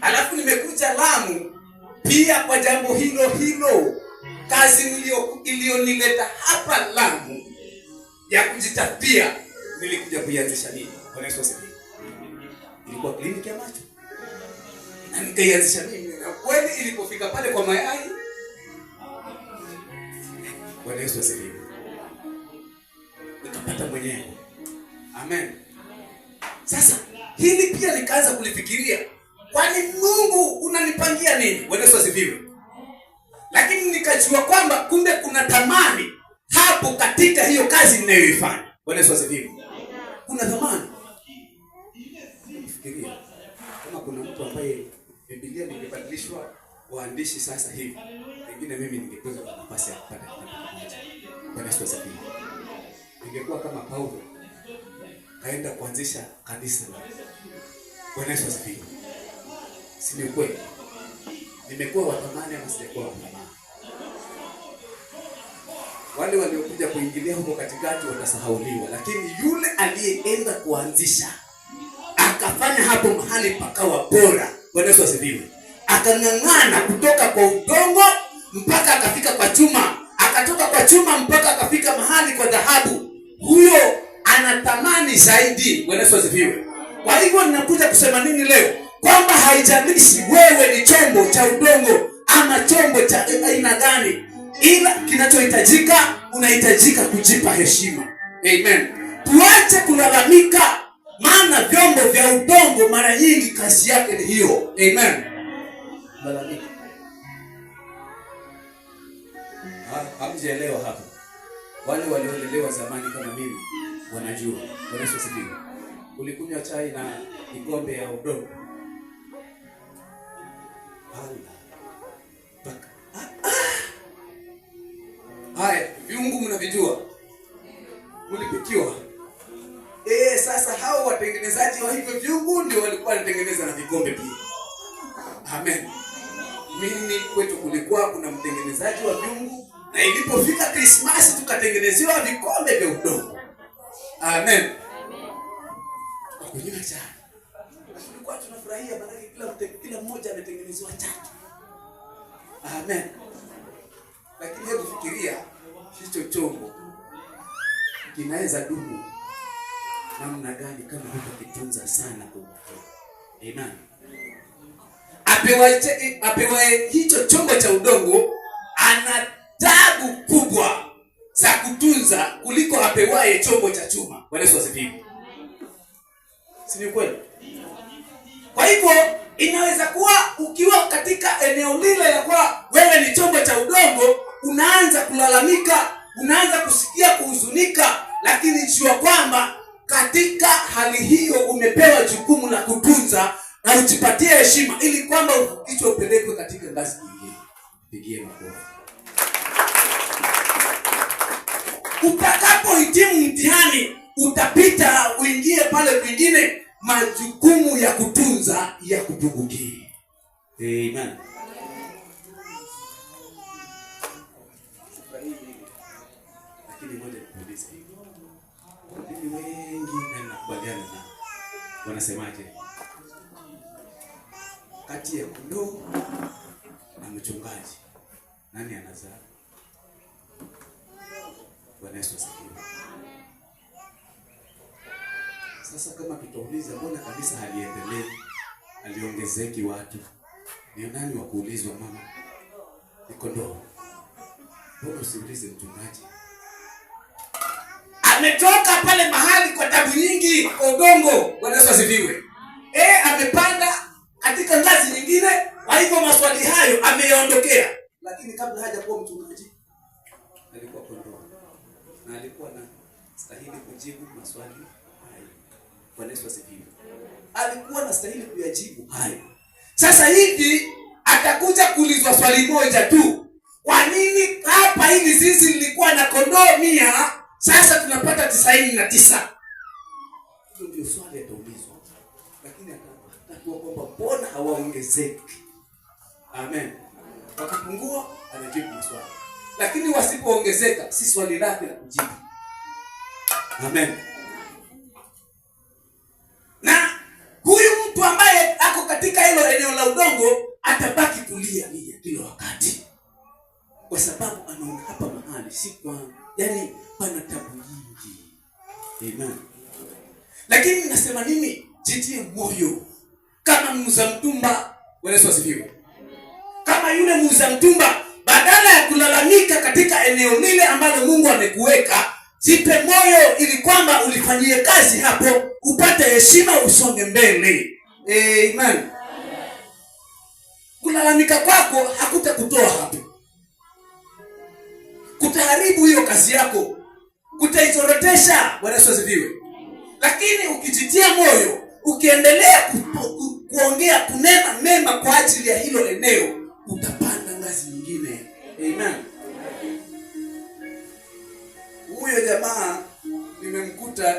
Alafu nimekuja Lamu pia kwa jambo hilo hilo, kazi iliyonileta hapa Lamu ya kujitapia nilikuja kuianzisha mimi. Bwana Yesu asifiwe. Ilikuwa kliniki ya macho na nikaianzisha mimi, na kweli ilipofika pale kwa mayai, Bwana Yesu asifiwe, nikapata mwenyewe. Amen. Sasa hili pia nikaanza kulifikiria Kwani Mungu unanipangia nini? Bwana Yesu asifiwe. Lakini nikajua kwamba kumbe kuna thamani hapo katika hiyo kazi ninayoifanya. Bwana Yesu asifiwe. Kuna thamani. Fikiria kama kuna mtu ambaye Biblia ningebadilishwa waandishi sasa hivi, pengine mimi ningekuwa kwa nafasi ya kupata kitabu kimoja. Bwana Yesu asifiwe. Ningekuwa kama Paulo kaenda kuanzisha kanisa. Bwana Yesu asifiwe. Si ni Nimekuwa wa ama wa Wale waliokuja kuingilia huko katikati watasahauliwa, lakini yule aliyeenda kuanzisha akafanya hapo mahali pakawa bora. Bwana Yesu asifiwe. Akang'ang'ana kutoka kwa udongo mpaka akafika kwa chuma, akatoka kwa chuma mpaka akafika mahali kwa dhahabu. Huyo anatamani zaidi. Bwana Yesu asifiwe. Kwa hivyo ninakuja kusema nini leo? kwamba haijalishi wewe ni chombo cha udongo ama chombo cha aina gani, ila kinachohitajika unahitajika kujipa heshima. Amen. Tuache kulalamika, maana vyombo vya udongo mara nyingi kazi yake ni hiyo. Amen. Hamjaelewa hapa. Wale waliolelewa zamani kama mimi wanajua. Ulikunywa chai na kikombe ya udongo Haya, viungu mnavijua, mlipikiwa. Eh, sasa hao watengenezaji wa hivyo viungu ndio walikuwa wanatengeneza na vikombe pia. Amen. Mimi kwetu kulikuwa kuna mtengenezaji wa viungu na ilipofika Krismasi tukatengenezewa vikombe vya udongo. Amen. Amen tulikuwa tunafurahia maanake kila kila mmoja ametengenezwa chatu. Amen. Lakini hebu fikiria hicho chombo kinaweza dumu namna gani kama kitunza sana kwa Amen. Apewaye apewaye hicho chombo cha udongo ana tabu kubwa za kutunza kuliko apewaye chombo cha chuma. Bwana Yesu asifiwe. Si ni kweli? Kwa hivyo inaweza kuwa ukiwa katika eneo lile ya kuwa wewe ni chombo cha udongo, unaanza kulalamika, unaanza kusikia kuhuzunika, lakini jua kwamba katika hali hiyo umepewa jukumu la kutunza na ujipatie heshima, ili kwamba ukichwa upelekwe katika ngazi nyingine. Pigie makofi. Utakapohitimu mtihani utapita, uingie pale kwingine majukumu ya kutunza ya kutubukia. Amen. wanasemaje? Kati ya kondoo na mchungaji nani anazaa? Bwana Yesu asifiwe. Sasa kama tutauliza, mbona kabisa haliendelei, haliongezeki watu, ni nani wa kuulizwa? Mama ni kondoo. Mbona usiulize mchungaji? Ametoka pale mahali kwa tabu nyingi, kwa ugongo Bwana Yesu asifiwe. Eh, amepanda katika ngazi nyingine, kwa hivyo maswali hayo ameyaondokea, lakini kabla haja kuwa mchungaji alikuwa kondoo na alikuwa na stahili kujibu maswali Bwana Yesu asifiwe. Alikuwa anastahili kuyajibu hayo. Sasa hivi atakuja kuulizwa swali moja tu, kwa nini hapa hivi zizi lilikuwa na kondoo mia, sasa tunapata tisaini na tisa? Hiyo ndio swali ataulizwa, lakini atakua kwamba mbona hawaongezeki? Amen, wakipungua anajibu maswali, lakini wasipoongezeka si swali lake la kujibu. Amen. ya udongo atabaki kulia kila wakati, kwa sababu anaona hapa mahali si kwa, yani pana tabu nyingi. Amen. Lakini nasema nini? Jitie moyo kama muuza mtumba. Bwana Yesu asifiwe. Kama yule muuza mtumba, badala ya kulalamika katika eneo lile ambalo Mungu amekuweka, jipe moyo ili kwamba ulifanyie kazi hapo, upate heshima, usonge mbele. Amen. hey, kulalamika kwako hakutakutoa hapo, kutaharibu hiyo kazi yako, kutaizorotesha Bwana Yesu Lakini ukijitia moyo, ukiendelea kuongea kunena mema kwa ajili ya hilo eneo, utapanda ngazi nyingine. Amen. Huyo jamaa nimemkuta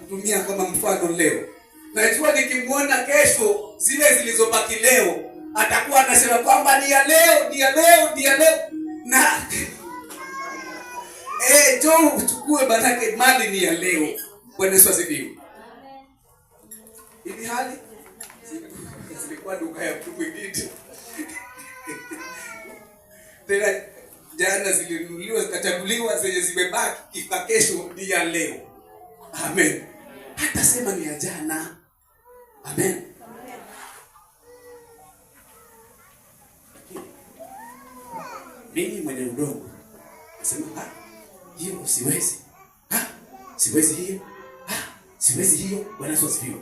kutumia kama mfano leo, najua nikimwona kesho, zile zilizobaki leo atakuwa anasema kwamba ni ya leo, ni ya leo, ni ya leo na eh, jo uchukue, baraka, mali ni ya leo. Bwana Yesu asifiwe. Hivi hali zilikuwa duka ya mtu mwingine tena jana zilinunuliwa zikachaguliwa, zenye zimebaki ifa kesho ni ya leo. Amen. Hatasema ni ya jana. Amen. siwezi, siwezi hiyo, siwezi hiyo. Bwana Yesu asifiwe.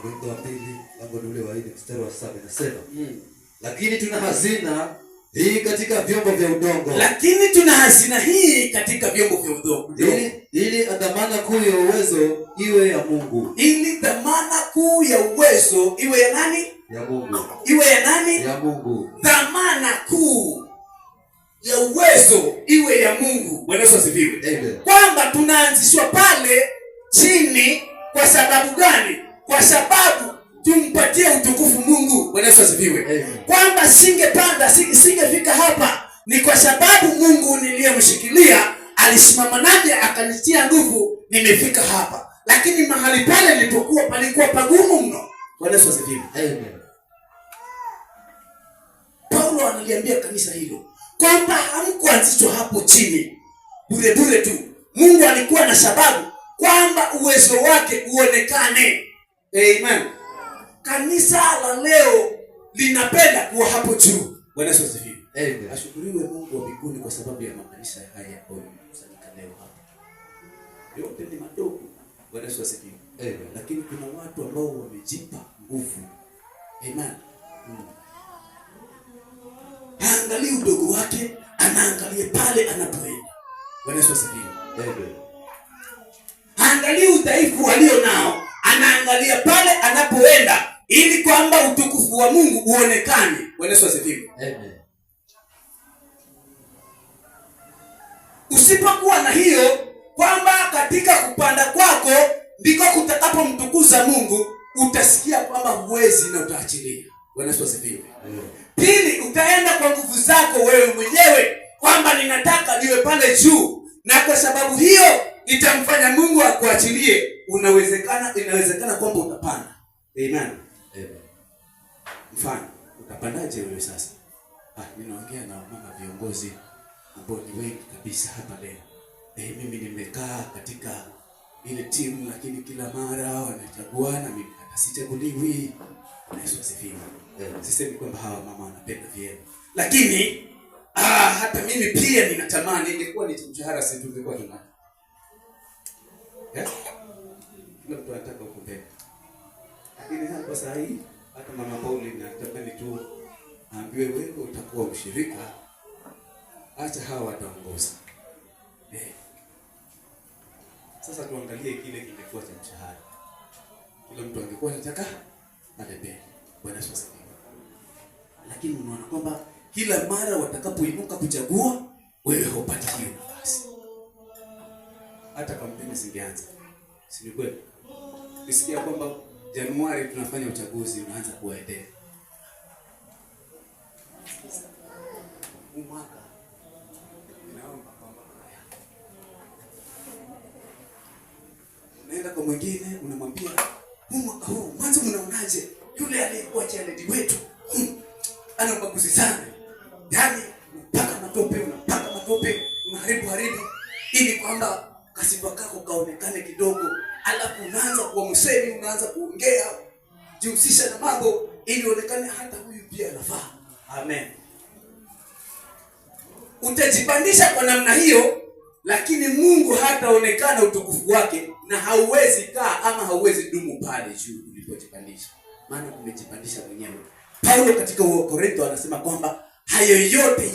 Wakorintho wa pili lango ule wa nne mstari wa saba inasema mm. Lakini tuna hazina hii katika vyombo vya udongo, lakini tuna hazina hii katika vyombo vya udongo, ili ili dhamana kuu ya uwezo iwe ya Mungu, ili dhamana kuu ya uwezo iwe ya nani? Ya Mungu. Iwe ya nani? Ya Mungu. Dhamana kuu ya uwezo iwe ya Mungu. Bwana Yesu asifiwe. Kwamba tunaanzishwa pale chini, kwa sababu gani? kwa sababu tumpatie utukufu Mungu. Bwana Yesu asifiwe. Kwamba singepanda singefika hapa ni kwa sababu Mungu niliyemshikilia alisimama naye akanitia nguvu, nimefika hapa. Lakini mahali pale nilipokuwa palikuwa pagumu mno. Bwana Yesu asifiwe. Amen. Paulo analiambia kanisa hilo kwamba hamkuanzishwa hapo chini bure bure tu. Mungu alikuwa na sababu kwamba uwezo wake uonekane. Amen. Kanisa la leo linapenda kuwa hapo juu. Bwana Yesu asifiwe. Amen. Ashukuriwe Mungu wa mbinguni kwa sababu ya makanisa haya ambayo yamekusanyika leo hapa. Yote ni madogo. Bwana Yesu asifiwe. Amen. Lakini kuna watu ambao wamejipa nguvu. Amen. Hmm. Haangalii udogo wake, anaangalia pale anapoenda. Bwana Yesu asifiwe. Amen. Haangalii udhaifu walio nao anaangalia pale anapoenda ili kwamba utukufu wa Mungu uonekane. Bwana Yesu asifiwe. Usipokuwa na hiyo kwamba katika kupanda kwako ndiko kutakapomtukuza Mungu, utasikia kwamba huwezi na utaachilia. Bwana Yesu asifiwe. Pili, utaenda kwa nguvu zako wewe mwenyewe kwamba ninataka niwe pale juu, na kwa sababu hiyo itamfanya Mungu akuachilie, unawezekana, inawezekana kwamba utapanda. Amen. Mfano, utapandaje wewe sasa? Ah, ninaongea na mama viongozi ambao ni wengi kabisa hapa leo. Eh, mimi nimekaa katika ile timu lakini kila mara wanachaguana, mimi hata sichaguliwi. Yesu asifiwe. Sisemi kwamba hawa mama wanapenda vyema. Lakini ah, hata mimi pia ninatamani ingekuwa ni mshahara sisi tungekuwa tunapata Eh? Kila mtu anataka kupenda. Lakini hapo saa hii hata Mama Pauli nataka tu aambiwe wewe utakuwa mshirika. Acha hawa wataongoza. Eh. Sasa tuangalie kile kingekuwa cha mshahara. Kila mtu angekuwa anataka atembee. Bwana Yesu Lakini unaona kwamba kila mara watakapoinuka kuchagua wewe haupatiwi hata kampeni zingeanza. Si ni kweli? Nisikia kwamba Januari tunafanya uchaguzi unaanza kuendea. Umwaka unaenda kwa mwingine unamwambia mwaka huu mwanzo, mnaonaje yule aliyekuwa chaledi wetu hmm, ana ubaguzi sana, yaani unapaka matope, unapaka matope, unaharibu haribu ili kwamba kasifa kako kaonekane kidogo, alafu unaanza kuwa msemi, unaanza kuongea, jihusisha na mambo ili onekane hata huyu pia anafaa. Amen. Utajipandisha kwa namna hiyo, lakini Mungu hataonekana utukufu wake, na hauwezi kaa ama hauwezi dumu pale juu ulipojipandisha, maana umejipandisha mwenyewe. Paulo katika Wakorintho anasema kwamba hayo yote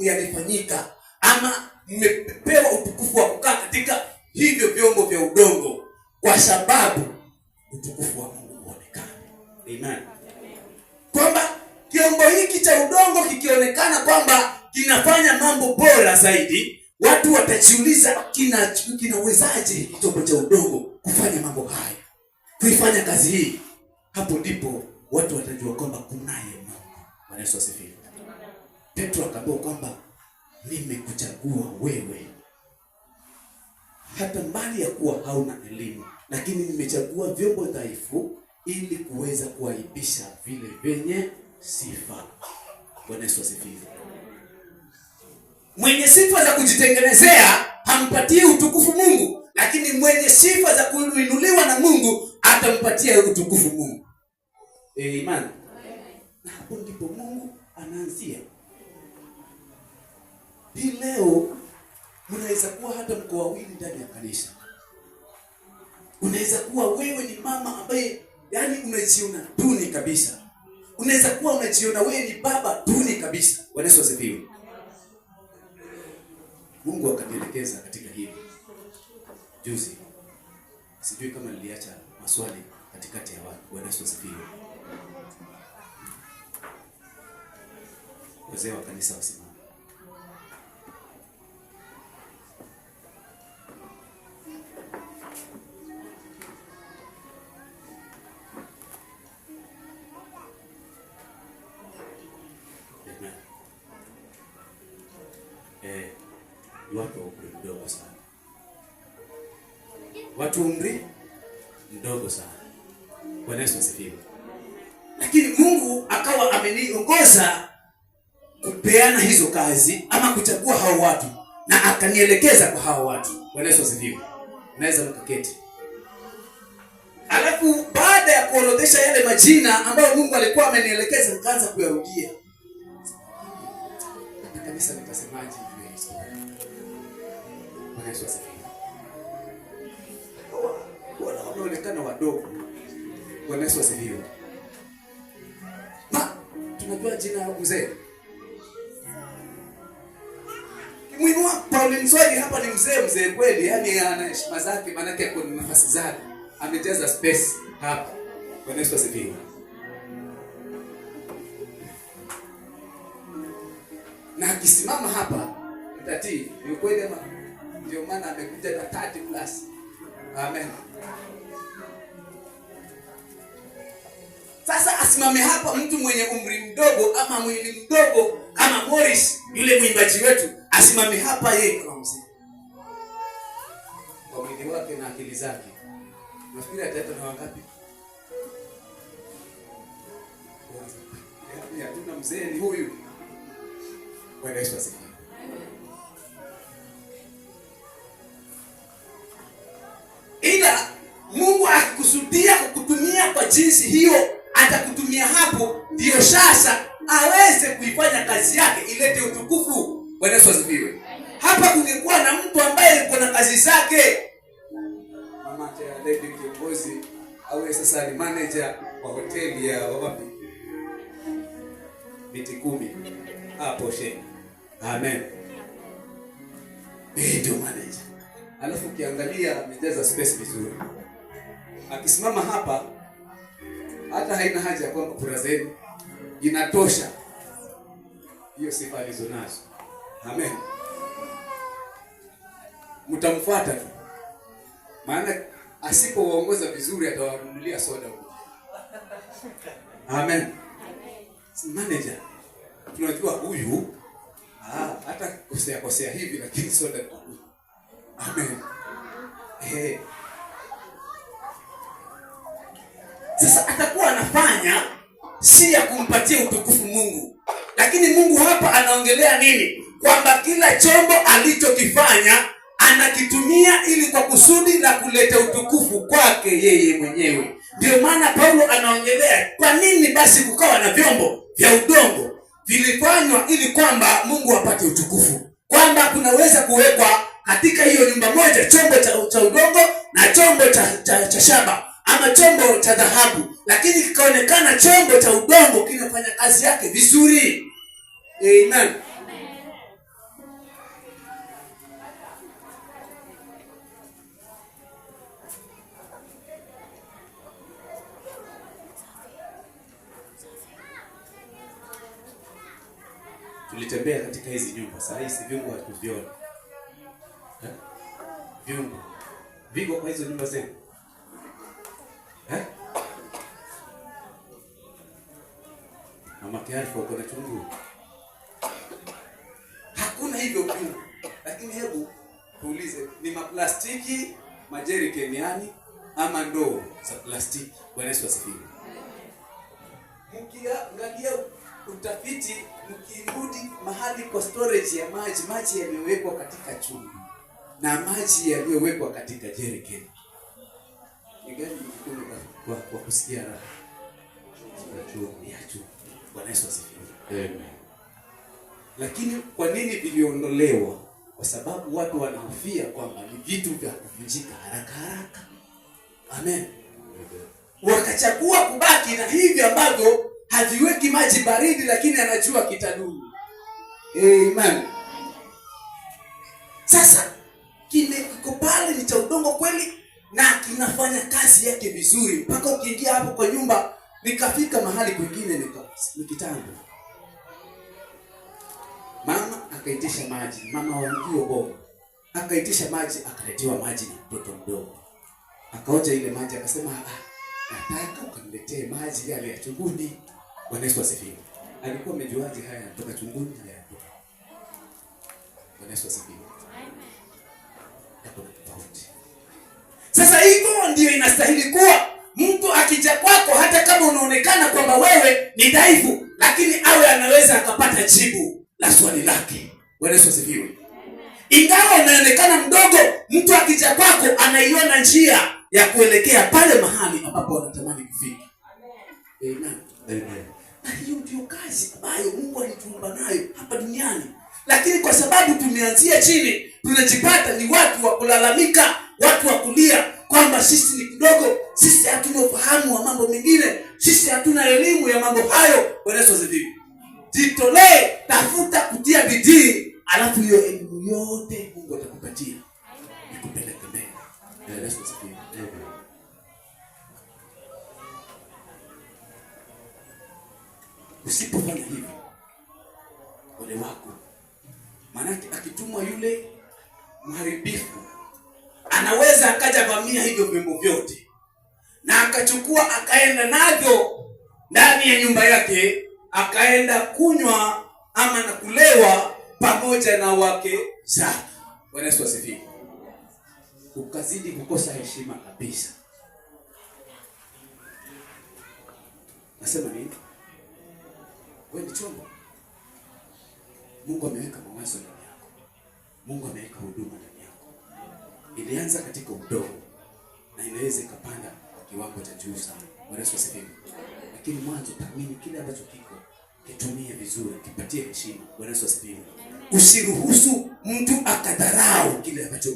yalifanyika, ama mmepewa utukufu wa kukaa katika hivyo vyombo vya udongo, kwa sababu utukufu wa Mungu uonekane. Amen. Kwamba kiombo hiki cha udongo kikionekana kwamba kinafanya mambo bora zaidi, watu watajiuliza, kina kinawezaje chombo cha udongo kufanya mambo haya, kuifanya kazi hii? Hapo ndipo watu watajua kwamba kunaye Mungu. Bwana Yesu asifiwe. Petro akaambiwa kwamba nimekuchagua wewe hata mbali ya kuwa hauna elimu, lakini nimechagua vyombo dhaifu ili kuweza kuaibisha vile vyenye sifa. Bwana Yesu asifiwe. Mwenye sifa za kujitengenezea hampatie utukufu Mungu, lakini mwenye sifa za kuinuliwa na Mungu atampatia utukufu Mungu. E, Amen. Na hapo ndipo Mungu anaanzia. Hii leo Unaweza kuwa hata mko wawili ndani ya kanisa. Unaweza kuwa wewe ni mama ambaye yani unajiona duni kabisa. Unaweza kuwa unajiona wewe ni baba duni kabisa. Bwana Yesu asifiwe. Mungu akanielekeza katika hili juzi, sijui kama niliacha maswali katikati ya watu. Bwana Yesu asifiwe. Wazee wa kanisa wasimama. watu umri mdogo sana. Bwana Yesu asifiwe. Lakini Mungu akawa ameniongoza kupeana hizo kazi ama kuchagua hao watu na akanielekeza kwa hao watu. Bwana Yesu asifiwe. Naweza mkaketi. Alafu baada ya kuorodhesha yale majina ambayo Mungu alikuwa amenielekeza nikaanza kuyarudia. Kabisa nikasemaje hivi? Bwana Yesu asifiwe. wanaonekana wadogo wanaesiwasiliwa. Ah, tunajua jina la mzee Kimuinua Pauline Nzwali hapa ni mzee mzee kweli, yani ana heshima zake, maanake ako na nafasi zake, amejaza space hapa. Bwana Yesu asifiwe. Na akisimama hapa mtatii, ni kweli ama? Ndio maana amekuja na 30 plus. Amen. asimame hapa mtu mwenye umri mdogo ama mwili mdogo kama Morris yule mwimbaji wetu, asimame hapa yeye kama mzee kwa mwili wake na akili zake, nafikiri ataenda na wangapi? Yaani hatuna mzee ni huyu. Bwana Yesu asifiwe. Ila Mungu akikusudia kukutumia kwa jinsi hiyo Mungu ndiyo sasa aweze kuifanya kazi yake ilete utukufu. Bwana Yesu asifiwe. Hapa kungekuwa na mtu ambaye alikuwa na kazi zake, mama lady kiongozi awe sasa ni manager wa hoteli ya wapi, miti kumi hapo sheni. Amen, ndio manager. Alafu ukiangalia amejaza space vizuri, akisimama hapa hata haina haja ya kwamba kura zenu, inatosha hiyo sifa alizonazo. Amen, mtamfuata tu, maana asipowaongoza vizuri atawanunulia soda huko. Amen, manager tunajua huyu ah, hata kosea kosea hivi lakini soda. Amen. Hey. Eh. Sasa anafanya si ya kumpatia utukufu Mungu. Lakini Mungu hapa anaongelea nini? Kwamba kila chombo alichokifanya anakitumia ili kwa kusudi la kuleta utukufu kwake yeye mwenyewe. Ndio maana Paulo anaongelea kwa nini basi kukawa na vyombo vya udongo vilifanywa ili kwamba Mungu apate utukufu, kwamba kunaweza kuwekwa katika hiyo nyumba moja chombo cha, cha udongo na chombo cha, cha, cha shaba ama chombo cha dhahabu, lakini kikaonekana chombo cha udongo kinafanya kazi yake vizuri. Amen. Tulitembea katika hizi nyumba, saa hizi vyungu hatuviona. vyungu viko kwa hizo nyumba zenu Bwana Yesu asifiwe. Mkiangalia utafiti, mkirudi mahali kwa storage ya maji, maji yaliyowekwa katika chungu na maji yaliyowekwa katika jerrycan kwa, kwa kusikia raha ya chungu. Bwana Yesu asifiwe. Amen. Lakini kwa nini viliondolewa? Kwa sababu watu wanahofia kwamba ni vitu vya kuvunjika haraka haraka. Amen. Amen wakachagua kubaki na hivi ambavyo haviweki maji baridi, lakini anajua kitadumu. Eh, Amen. Sasa kiko pale ni cha udongo kweli, na kinafanya kazi yake vizuri, mpaka ukiingia hapo kwa nyumba. Nikafika mahali kwingine nikitanga, mama akaitisha maji, mama wa mkio akaitisha maji, akaletewa maji na mtoto mdogo, akaoja ile maji akasema ah Nataka ukaniletee maji yale ya chunguni. Bwana Yesu asifiwe. Alikuwa amejuaje haya yanatoka chunguni na yanatoka? Bwana Yesu asifiwe. Amen. Hapo tofauti. Sasa hivyo ndio inastahili kuwa mtu akija kwako, hata kama unaonekana kwamba wewe ni dhaifu, lakini awe anaweza akapata jibu la swali lake. Bwana Yesu asifiwe. Ingawa unaonekana mdogo, mtu akija kwako anaiona njia ya kuelekea pale mahali ambapo wanatamani kufika. Amen. Amen. Na hiyo ndio kazi ambayo Mungu alituumba nayo hapa duniani, lakini kwa sababu tumeanzia chini, tunajipata ni watu wa kulalamika, watu wa kulia kwamba sisi ni kidogo, sisi hatuna ufahamu wa mambo mengine, sisi hatuna elimu ya mambo hayo. Bwana Yesu asifiwe. Jitolee, tafuta kutia bidii, alafu hiyo Mungu ameweka huduma ndani yako. Ilianza katika udogo na inaweza ikapanda kwa kiwango cha juu sana. Bwana asifiwe. Lakini mwanzo tamini kile ambacho kiko, kitumie vizuri, kipatie heshima. Bwana asifiwe. Usiruhusu mtu akadharau kile ambacho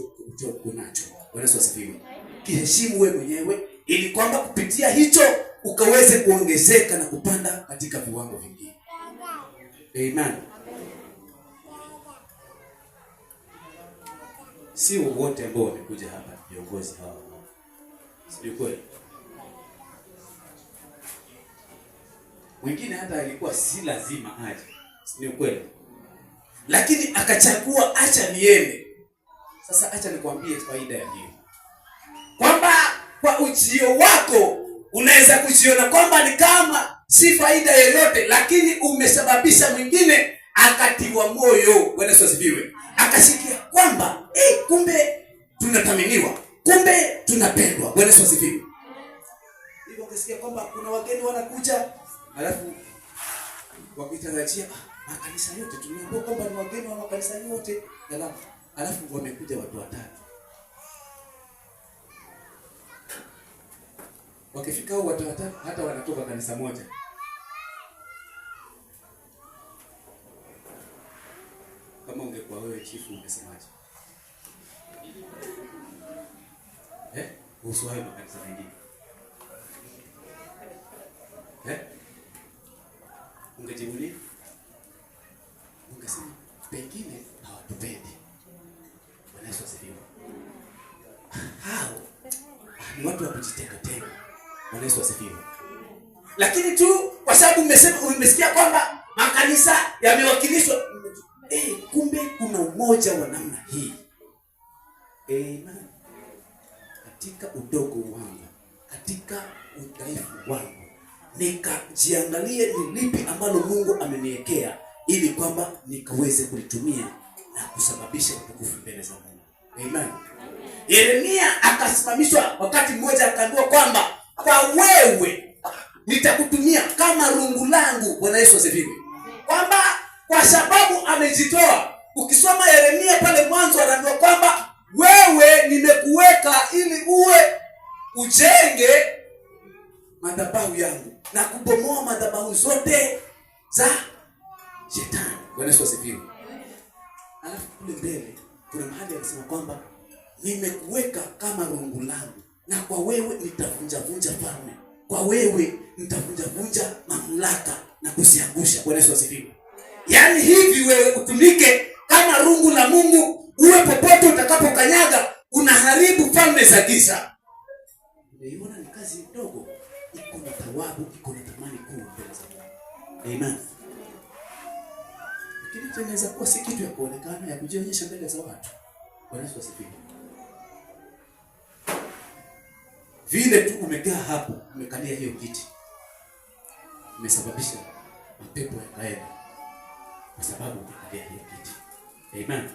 uko nacho. Bwana asifiwe. Kiheshimu wewe mwenyewe ili kwamba kupitia hicho ukaweze kuongezeka na kupanda katika viwango vingine. Amen. si wote ambao wamekuja hapa viongozi hawa, sio kweli? Mwingine hata alikuwa si lazima aje, sio kweli? Lakini akachagua acha niende. Sasa acha nikwambie faida ya hiyo, kwamba kwa ujio wako unaweza kujiona kwamba ni kama si faida yoyote, lakini umesababisha mwingine akatiwa moyo. Bwana akasikia kwamba Kumbe tunathaminiwa, kumbe tunapendwa. Bwana Yesu asifiwe. Hivyo ukisikia kwamba kuna wageni wanakuja, alafu wakitarajia ah, makanisa yote, tumeambiwa kwamba ni wageni wa makanisa yote, alafu alafu wamekuja watu watatu. Wakifika hao watu watatu, hata wanatoka kanisa moja kama ungekuwa wewe chifu, ungesemaje? eh, kuhusu hayo makanisa mengine eh? Ungejiulia, ungesema pengine hawatupendi. Bwana Yesu asifiwe. Hao ni watu wa kujitenga tenga. Bwana Yesu asifiwe. Lakini tu kwa sababu umesema, umesikia kwamba makanisa yamewakilishwa eh, kumbe kuna umoja wa namna hii mdogo wangu, katika udhaifu wangu nikajiangalie ni lipi ambalo Mungu ameniwekea ili kwamba nikaweze kulitumia na kusababisha utukufu mbele za Mungu. Amen. Yeremia akasimamishwa wakati mmoja, akaambiwa kwamba kwa wewe nitakutumia kama rungu langu. Bwana Yesu asifiwe, kwamba kwa sababu amejitoa. Ukisoma Yeremia pale mwanzo, anaambiwa kwamba wewe nimekuweka ili uwe ujenge madhabahu yangu na kubomoa madhabahu zote za shetani. Bwana Yesu asifiwe. Alafu kule mbele kuna mahali anasema kwamba nimekuweka kama rungu langu, na kwa wewe nitavunjavunja falme, kwa wewe nitavunjavunja mamlaka na kuziangusha. Bwana Yesu asifiwe. Yaani hivi wewe utumike kama rungu la Mungu, uwe popote utakapokanyaga unaharibu falme za giza kazi ndogo iko na thawabu, iko na thamani kuu mbele za Mungu. Amen. Lakini tunaweza kuwa si kitu ya kuonekana ya kujionyesha mbele za watu. Bwana Yesu asifiwe. Vile tu umekaa hapo, umekalia hiyo kiti, umesababisha mapepo yakaenda kwa sababu umekalia hiyo kiti. Amen.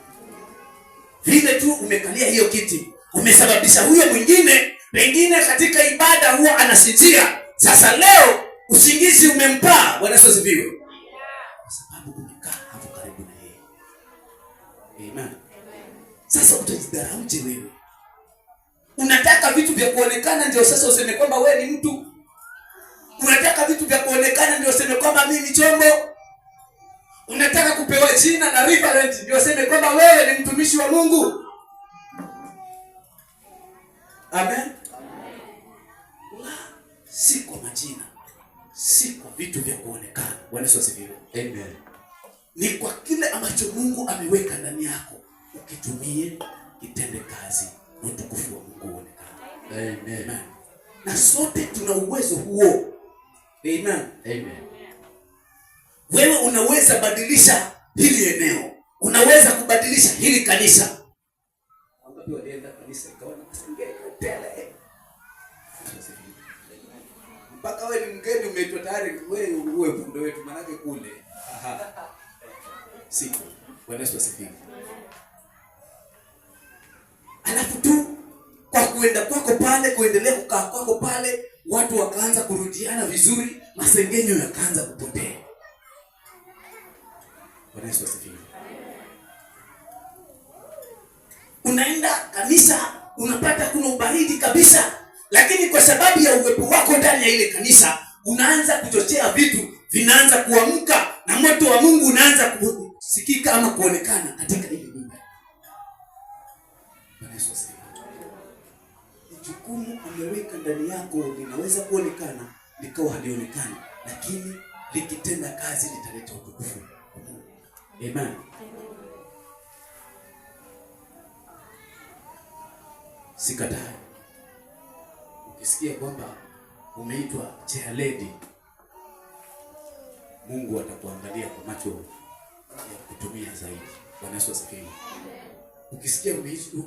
Vile tu umekalia hiyo kiti, umesababisha huyo mwingine wengine katika ibada huwa anasinzia. Sasa leo usingizi umempaa. Bwana Yesu asifiwe. Kwa sababu hapo karibu na yeye. Amen. Sasa utajidharauti wewe. Unataka vitu vya kuonekana ndio sasa useme kwamba wewe ni mtu. Unataka vitu vya kuonekana ndio useme kwamba mimi ni chombo. Unataka kupewa jina na reference ndio useme kwamba wewe ni mtumishi wa Mungu. Amen. vitu vya kuonekana. Bwana Yesu asifiwe. Amen. Ni kwa kile ambacho Mungu ameweka ndani yako, ukitumie kitende kazi na utukufu wa Mungu uonekane. Amen. Amen. Na sote tuna uwezo huo. Amen. Amen. Wewe unaweza badilisha hili eneo, unaweza kubadilisha hili kanisa. Wangapi walienda kanisa ikawa na kasengere mpaka wewe ni mgeni umeitwa tayari wewe uwe punde wetu manake kule Aha. siku Bwana Yesu asifiwe. Alafu tu kwa kuenda kwako pale, kuendelea kukaa kwako pale, watu wakaanza kurudiana vizuri, masengenyo yakaanza kupotea. Bwana Yesu asifiwe. Unaenda kanisa unapata kuna ubaridi kabisa lakini kwa sababu ya uwepo wako ndani ya ile kanisa unaanza kuchochea vitu vinaanza kuamka na moto wa Mungu unaanza kusikika ama kuonekana katika ile nyumba. Jukumu ameweka ndani yako linaweza kuonekana likawa halionekani, lakini likitenda kazi litaleta utukufu. Amen. Sikatai ukisikia kwamba umeitwa chairlady, Mungu atakuangalia kwa macho ya kutumia zaidi. Bwana Yesu asifiwe. Ukisikia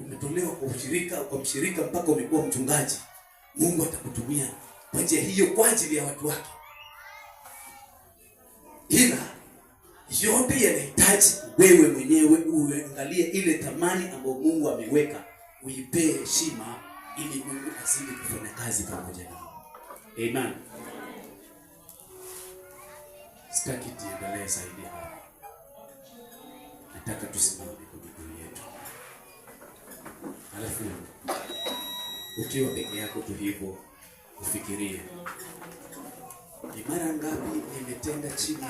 umetolewa kwa ushirika kwa mshirika mpaka umekuwa mchungaji, Mungu atakutumia kwa njia hiyo kwa ajili ya watu wake. Ila yote yanahitaji wewe mwenyewe uangalie ile thamani ambayo Mungu ameweka, uipee heshima ili Mungu azidi kufanya kazi pamoja nao. Amen. Sitaki tiendelee zaidi hapa, nataka tusimame kwa miguu yetu, alafu ukiwa peke yako tu hivyo ufikirie ni mara ngapi nimetenda chini